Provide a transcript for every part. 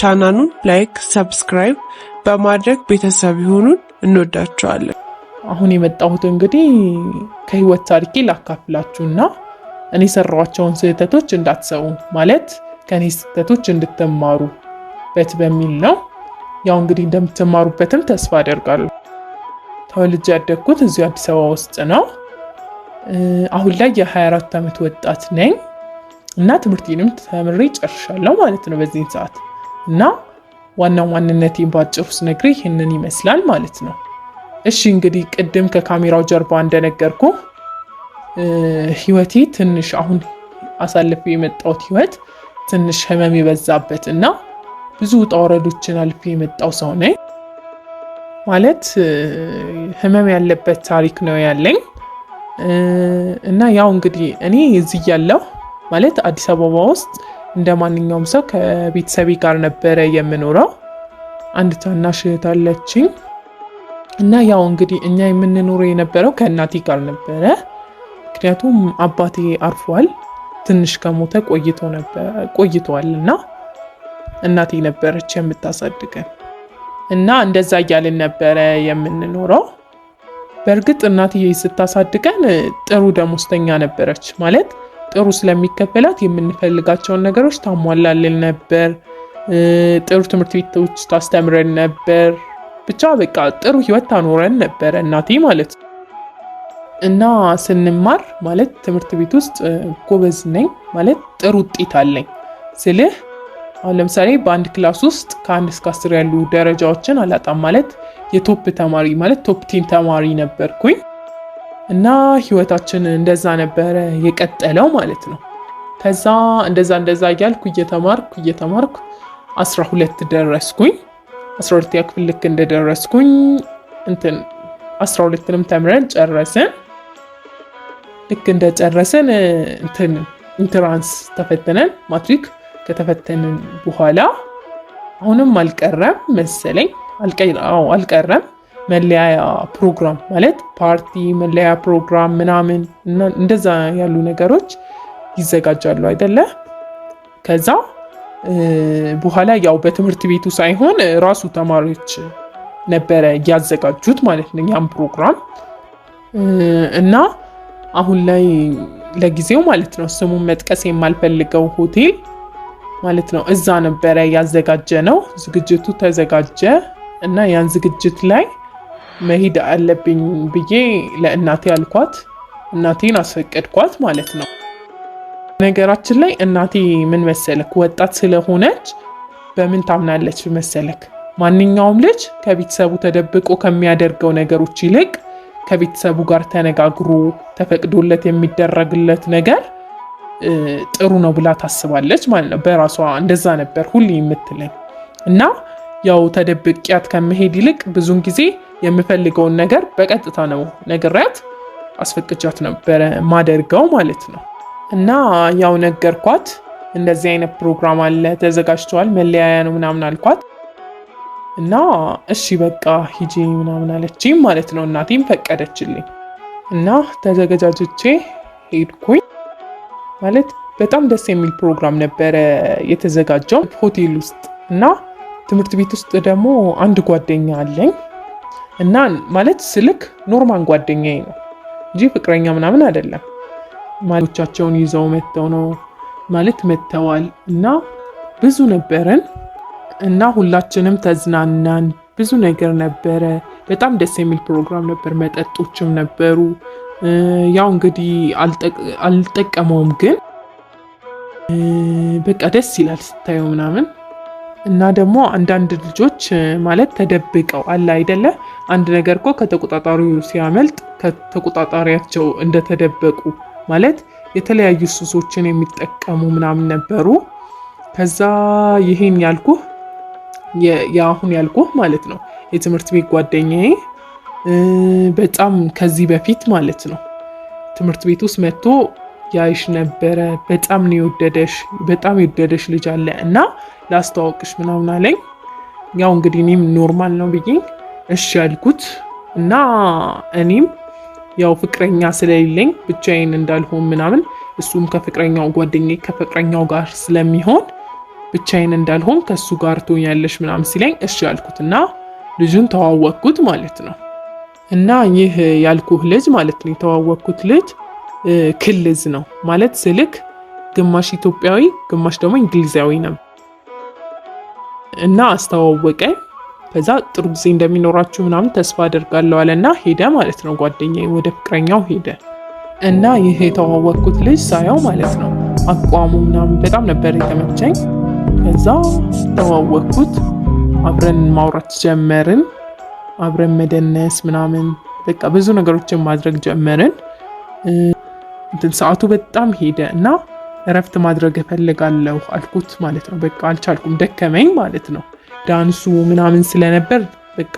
ቻናሉን ላይክ፣ ሰብስክራይብ በማድረግ ቤተሰብ ይሆኑን። እንወዳቸዋለን። አሁን የመጣሁት እንግዲህ ከህይወት ታሪኬ ላካፍላችሁና እኔ የሰራኋቸውን ስህተቶች እንዳትሰው ማለት ከእኔ ስህተቶች እንድትማሩበት በሚል ነው። ያው እንግዲህ እንደምትማሩበትም ተስፋ አደርጋለሁ። ተወልጄ ያደግኩት እዚሁ አዲስ አበባ ውስጥ ነው። አሁን ላይ የ24 ዓመት ወጣት ነኝ እና ትምህርቴንም ተምሬ ጨርሻለሁ ማለት ነው በዚህን ሰዓት እና ዋናው ማንነቴን ባጭሩ ስነግርህ ይህንን ይመስላል ማለት ነው። እሺ እንግዲህ ቅድም ከካሜራው ጀርባ እንደነገርኩ ህይወቴ ትንሽ አሁን አሳልፌ የመጣሁት ህይወት ትንሽ ህመም የበዛበት እና ብዙ ውጣ ውረዶችን አልፌ የመጣው ሰው ነኝ። ማለት ህመም ያለበት ታሪክ ነው ያለኝ እና ያው እንግዲህ እኔ እዚህ ያለው ማለት አዲስ አበባ ውስጥ እንደ ማንኛውም ሰው ከቤተሰቤ ጋር ነበረ የምኖረው። አንድ ታናሽ እህት አለችኝ እና ያው እንግዲህ እኛ የምንኖረው የነበረው ከእናቴ ጋር ነበረ። ምክንያቱም አባቴ አርፏል፣ ትንሽ ከሞተ ቆይተዋል እና እናቴ ነበረች የምታሳድገን እና እንደዛ እያልን ነበረ የምንኖረው። በእርግጥ እናትዬ ስታሳድገን ጥሩ ደሞዝተኛ ነበረች ማለት ጥሩ ስለሚከፈላት የምንፈልጋቸውን ነገሮች ታሟላልን ነበር። ጥሩ ትምህርት ቤቶች ታስተምረን ነበር። ብቻ በቃ ጥሩ ህይወት ታኖረን ነበረ እናቴ ማለት ነው። እና ስንማር ማለት ትምህርት ቤት ውስጥ ጎበዝ ነኝ ማለት ጥሩ ውጤት አለኝ ስልህ አሁን ለምሳሌ በአንድ ክላስ ውስጥ ከአንድ እስከ አስር ያሉ ደረጃዎችን አላጣም ማለት የቶፕ ተማሪ ማለት ቶፕ ቴን ተማሪ ነበርኩኝ። እና ህይወታችን እንደዛ ነበረ የቀጠለው ማለት ነው። ከዛ እንደዛ እንደዛ እያልኩ እየተማርኩ እየተማርኩ 12 ደረስኩኝ። 12ኛ ልክ እንደደረስኩኝ እንትን 12ንም ተምረን ጨረስን። ልክ እንደጨረስን እንትን ኢንትራንስ ተፈተነን ማትሪክ ከተፈተንን በኋላ አሁንም አልቀረም መሰለኝ አልቀረም መለያያ ፕሮግራም ማለት ፓርቲ፣ መለያ ፕሮግራም ምናምን እንደዛ ያሉ ነገሮች ይዘጋጃሉ አይደለ? ከዛ በኋላ ያው በትምህርት ቤቱ ሳይሆን ራሱ ተማሪዎች ነበረ ያዘጋጁት ማለት ነው ያም ፕሮግራም እና አሁን ላይ ለጊዜው ማለት ነው ስሙን መጥቀስ የማልፈልገው ሆቴል ማለት ነው እዛ ነበረ ያዘጋጀ ነው ዝግጅቱ ተዘጋጀ እና ያን ዝግጅት ላይ መሄድ አለብኝ ብዬ ለእናቴ አልኳት። እናቴን አስፈቀድኳት ማለት ነው። ነገራችን ላይ እናቴ ምን መሰለክ ወጣት ስለሆነች በምን ታምናለች መሰለክ ማንኛውም ልጅ ከቤተሰቡ ተደብቆ ከሚያደርገው ነገሮች ይልቅ ከቤተሰቡ ጋር ተነጋግሮ ተፈቅዶለት የሚደረግለት ነገር ጥሩ ነው ብላ ታስባለች ማለት ነው። በራሷ እንደዛ ነበር ሁሌ የምትለኝ እና ያው ተደብቅያት ከመሄድ ይልቅ ብዙን ጊዜ የምፈልገውን ነገር በቀጥታ ነው ነግሪያት አስፈቅጃት ነበረ ማደርገው ማለት ነው። እና ያው ነገርኳት፣ እንደዚህ አይነት ፕሮግራም አለ ተዘጋጅተዋል፣ መለያያ ነው ምናምን አልኳት። እና እሺ በቃ ሂጂ ምናምን አለችኝ ማለት ነው። እናቴም ፈቀደችልኝ እና ተዘገጃጅቼ ሄድኩኝ ማለት በጣም ደስ የሚል ፕሮግራም ነበረ የተዘጋጀው ሆቴል ውስጥ እና ትምህርት ቤት ውስጥ ደግሞ አንድ ጓደኛ አለኝ እና ማለት ስልክ ኖርማል ጓደኛዬ ነው እንጂ ፍቅረኛ ምናምን አይደለም። ማቻቸውን ይዘው መጥተው ነው ማለት መጥተዋል እና ብዙ ነበረን እና ሁላችንም ተዝናናን። ብዙ ነገር ነበረ። በጣም ደስ የሚል ፕሮግራም ነበር። መጠጦችም ነበሩ። ያው እንግዲህ አልጠቀመውም፣ ግን በቃ ደስ ይላል ስታየው ምናምን እና ደግሞ አንዳንድ ልጆች ማለት ተደብቀው አለ አይደለ አንድ ነገር እኮ ከተቆጣጣሪው ሲያመልጥ ከተቆጣጣሪያቸው እንደተደበቁ ማለት የተለያዩ ሱሶችን የሚጠቀሙ ምናምን ነበሩ። ከዛ ይሄን ያልኩህ የአሁን ያልኩህ ማለት ነው የትምህርት ቤት ጓደኛዬ በጣም ከዚህ በፊት ማለት ነው ትምህርት ቤት ውስጥ መጥቶ ያይሽ ነበረ፣ በጣም ነው የወደደሽ፣ በጣም የወደደሽ ልጅ አለ እና ላስተዋወቅሽ ምናምን አለኝ። ያው እንግዲህ እኔም ኖርማል ነው ብዬ እሺ ያልኩት እና እኔም ያው ፍቅረኛ ስለሌለኝ ብቻዬን እንዳልሆን ምናምን እሱም ከፍቅረኛው ጓደኛ ከፍቅረኛው ጋር ስለሚሆን ብቻዬን እንዳልሆን ከእሱ ጋር ትሆኛለሽ ምናምን ሲለኝ እሺ ያልኩት እና ልጁን ተዋወቅኩት ማለት ነው። እና ይህ ያልኩህ ልጅ ማለት ነው የተዋወቅኩት ልጅ ክልዝ ነው ማለት ስልክ ግማሽ ኢትዮጵያዊ ግማሽ ደግሞ እንግሊዛዊ ነው እና አስተዋወቀ። ከዛ ጥሩ ጊዜ እንደሚኖራችሁ ምናምን ተስፋ አደርጋለሁ አለና ሄደ ማለት ነው። ጓደኛ ወደ ፍቅረኛው ሄደ እና ይህ የተዋወቅኩት ልጅ ሳየው ማለት ነው አቋሙ ምናምን በጣም ነበር የተመቸኝ። ከዛ ተዋወቅኩት፣ አብረን ማውራት ጀመርን፣ አብረን መደነስ ምናምን በቃ ብዙ ነገሮችን ማድረግ ጀመርን። እንትን ሰዓቱ በጣም ሄደ እና እረፍት ማድረግ እፈልጋለሁ አልኩት ማለት ነው። በቃ አልቻልኩም፣ ደከመኝ ማለት ነው። ዳንሱ ምናምን ስለነበር በቃ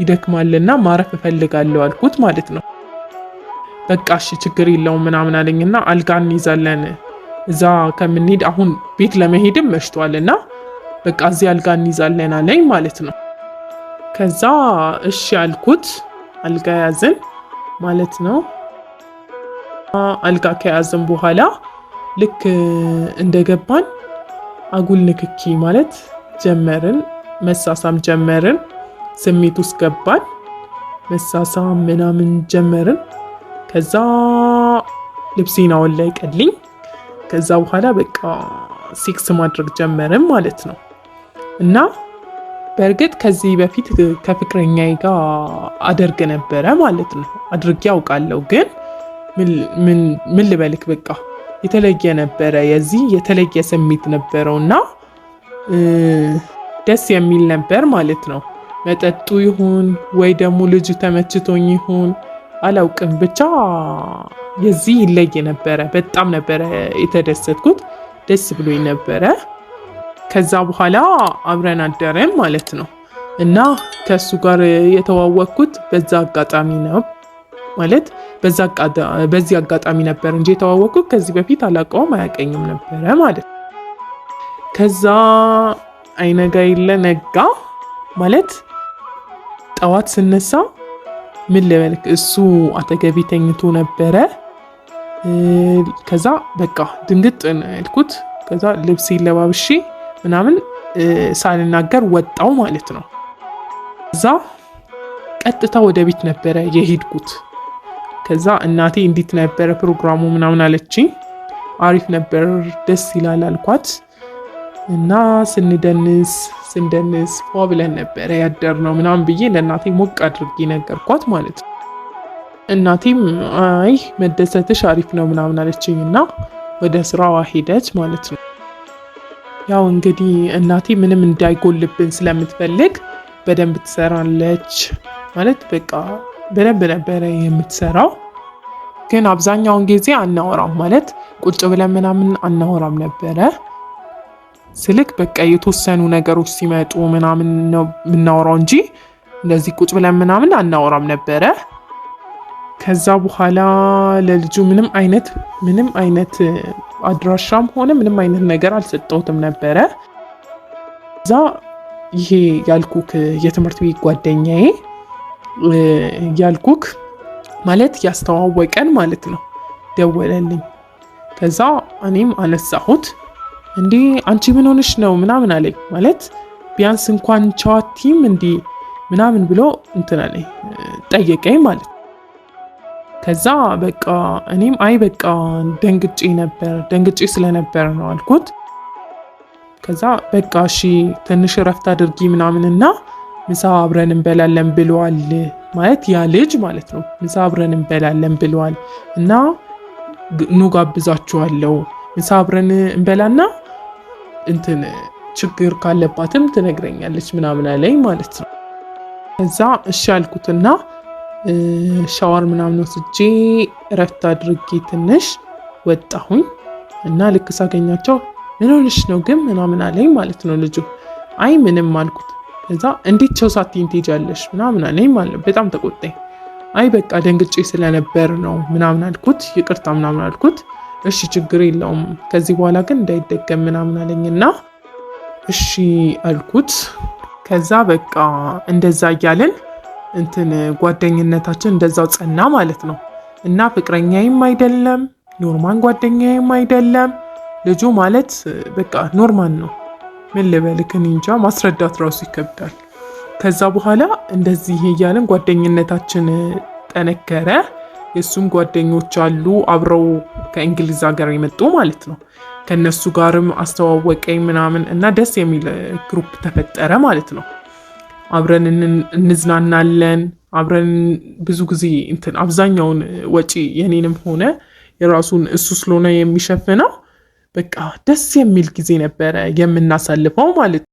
ይደክማልና ማረፍ እፈልጋለሁ አልኩት ማለት ነው። በቃ እሺ ችግር የለውም ምናምን አለኝና አልጋ እንይዛለን እዛ ከምንሄድ አሁን ቤት ለመሄድም መሽቷልና በቃ እዚህ አልጋ እንይዛለን አለኝ ማለት ነው። ከዛ እሺ አልኩት አልጋ ያዝን ማለት ነው። አልጋ ከያዝን በኋላ ልክ እንደገባን አጉል ንክኪ ማለት ጀመርን፣ መሳሳም ጀመርን፣ ስሜት ውስጥ ገባን፣ መሳሳም ምናምን ጀመርን። ከዛ ልብሴን አወለቀልኝ። ከዛ በኋላ በቃ ሴክስ ማድረግ ጀመርን ማለት ነው እና በእርግጥ ከዚህ በፊት ከፍቅረኛ ጋር አደርግ ነበረ ማለት ነው። አድርጌ ያውቃለሁ ግን ምን ልበልክ በቃ የተለየ ነበረ። የዚህ የተለየ ስሜት ነበረው እና ደስ የሚል ነበር ማለት ነው። መጠጡ ይሁን ወይ ደግሞ ልጁ ተመችቶኝ ይሁን አላውቅም፣ ብቻ የዚህ ይለይ ነበረ። በጣም ነበረ የተደሰትኩት፣ ደስ ብሎኝ ነበረ። ከዛ በኋላ አብረን አደረን ማለት ነው እና ከእሱ ጋር የተዋወቅኩት በዛ አጋጣሚ ነው። ማለት በዚህ አጋጣሚ ነበር እንጂ የተዋወቁ ከዚህ በፊት አላውቀውም አያውቀኝም ነበረ ማለት ነው። ከዛ አይነጋ የለ ነጋ ማለት ጠዋት ስነሳ ምን ልበልክ፣ እሱ አተገቢ ተኝቶ ነበረ። ከዛ በቃ ድንግጥ ያልኩት። ከዛ ልብስ ይለባብሺ ምናምን ሳልናገር ወጣው ማለት ነው። እዛ ቀጥታ ወደ ቤት ነበረ የሄድኩት። ከዛ እናቴ እንዴት ነበረ ፕሮግራሙ ምናምን አለችኝ። አሪፍ ነበር ደስ ይላል አልኳት እና ስንደንስ ስንደንስ ፏ ብለን ነበረ ያደር ነው ምናምን ብዬ ለእናቴ ሞቅ አድርጌ ነገርኳት ማለት ነው። እናቴም አይ መደሰትሽ አሪፍ ነው ምናምን አለችኝ እና ወደ ስራዋ ሄደች ማለት ነው። ያው እንግዲህ እናቴ ምንም እንዳይጎልብን ስለምትፈልግ በደንብ ትሰራለች ማለት በቃ በደንብ ነበረ የምትሰራው። ግን አብዛኛውን ጊዜ አናወራም ማለት ቁጭ ብለን ምናምን አናወራም ነበረ። ስልክ በቃ የተወሰኑ ነገሮች ሲመጡ ምናምን ነው የምናወራው እንጂ እንደዚህ ቁጭ ብለን ምናምን አናወራም ነበረ። ከዛ በኋላ ለልጁ ምንም አይነት ምንም አይነት አድራሻም ሆነ ምንም አይነት ነገር አልሰጠሁትም ነበረ። እዛ ይሄ ያልኩክ የትምህርት ቤት ጓደኛዬ ያልኩክ ማለት ያስተዋወቀን ማለት ነው። ደወለልኝ። ከዛ እኔም አነሳሁት። እንዲ አንቺ ምን ሆነሽ ነው ምናምን አለኝ። ማለት ቢያንስ እንኳን ቻዋቲም እንዲ ምናምን ብሎ እንትን አለኝ ጠየቀኝ ማለት ከዛ በቃ እኔም አይ በቃ ደንግጬ ነበር ደንግጬ ስለነበር ነው አልኩት። ከዛ በቃ እሺ ትንሽ እረፍት አድርጊ ምናምንና ምሳ አብረን እንበላለን ብለዋል ማለት ያ ልጅ ማለት ነው። ምሳ አብረን እንበላለን ብለዋል እና ኑ ጋብዛችኋለሁ። ምሳ አብረን እንበላና እንትን ችግር ካለባትም ትነግረኛለች ምናምን አለኝ ማለት ነው። ከዛ እሺ አልኩትና ሻወር ምናምን ወስጄ እረፍት አድርጌ ትንሽ ወጣሁኝ እና ልክ ሳገኛቸው ምን ሆነሽ ነው ግን ምናምን አለኝ ማለት ነው ልጁ። አይ ምንም አልኩት። ከዛ እንዴት ቸው ሳትይኝ ትሄጃለሽ ምናምን አለኝ ማለት በጣም ተቆጣኝ። አይ በቃ ደንግጬ ስለነበር ነው ምናምን አልኩት፣ ይቅርታ ምናምን አልኩት። እሺ ችግር የለውም ከዚህ በኋላ ግን እንዳይደገም ምናምን አለኝና እሺ አልኩት። ከዛ በቃ እንደዛ እያልን እንትን ጓደኝነታችን እንደዛው ጸና ማለት ነው። እና ፍቅረኛዬም አይደለም ኖርማን ጓደኛዬም አይደለም ልጁ ማለት በቃ ኖርማን ነው። ምን ልበልክ እንጃ ማስረዳት ራሱ ይከብዳል። ከዛ በኋላ እንደዚህ እያለን ጓደኝነታችን ጠነከረ። የእሱም ጓደኞች አሉ አብረው ከእንግሊዝ ሀገር የመጡ ማለት ነው። ከነሱ ጋርም አስተዋወቀኝ ምናምን እና ደስ የሚል ግሩፕ ተፈጠረ ማለት ነው። አብረን እንዝናናለን። አብረን ብዙ ጊዜ እንትን አብዛኛውን ወጪ የኔንም ሆነ የራሱን እሱ ስለሆነ የሚሸፍነው በቃ ደስ የሚል ጊዜ ነበረ የምናሳልፈው ማለት ነው።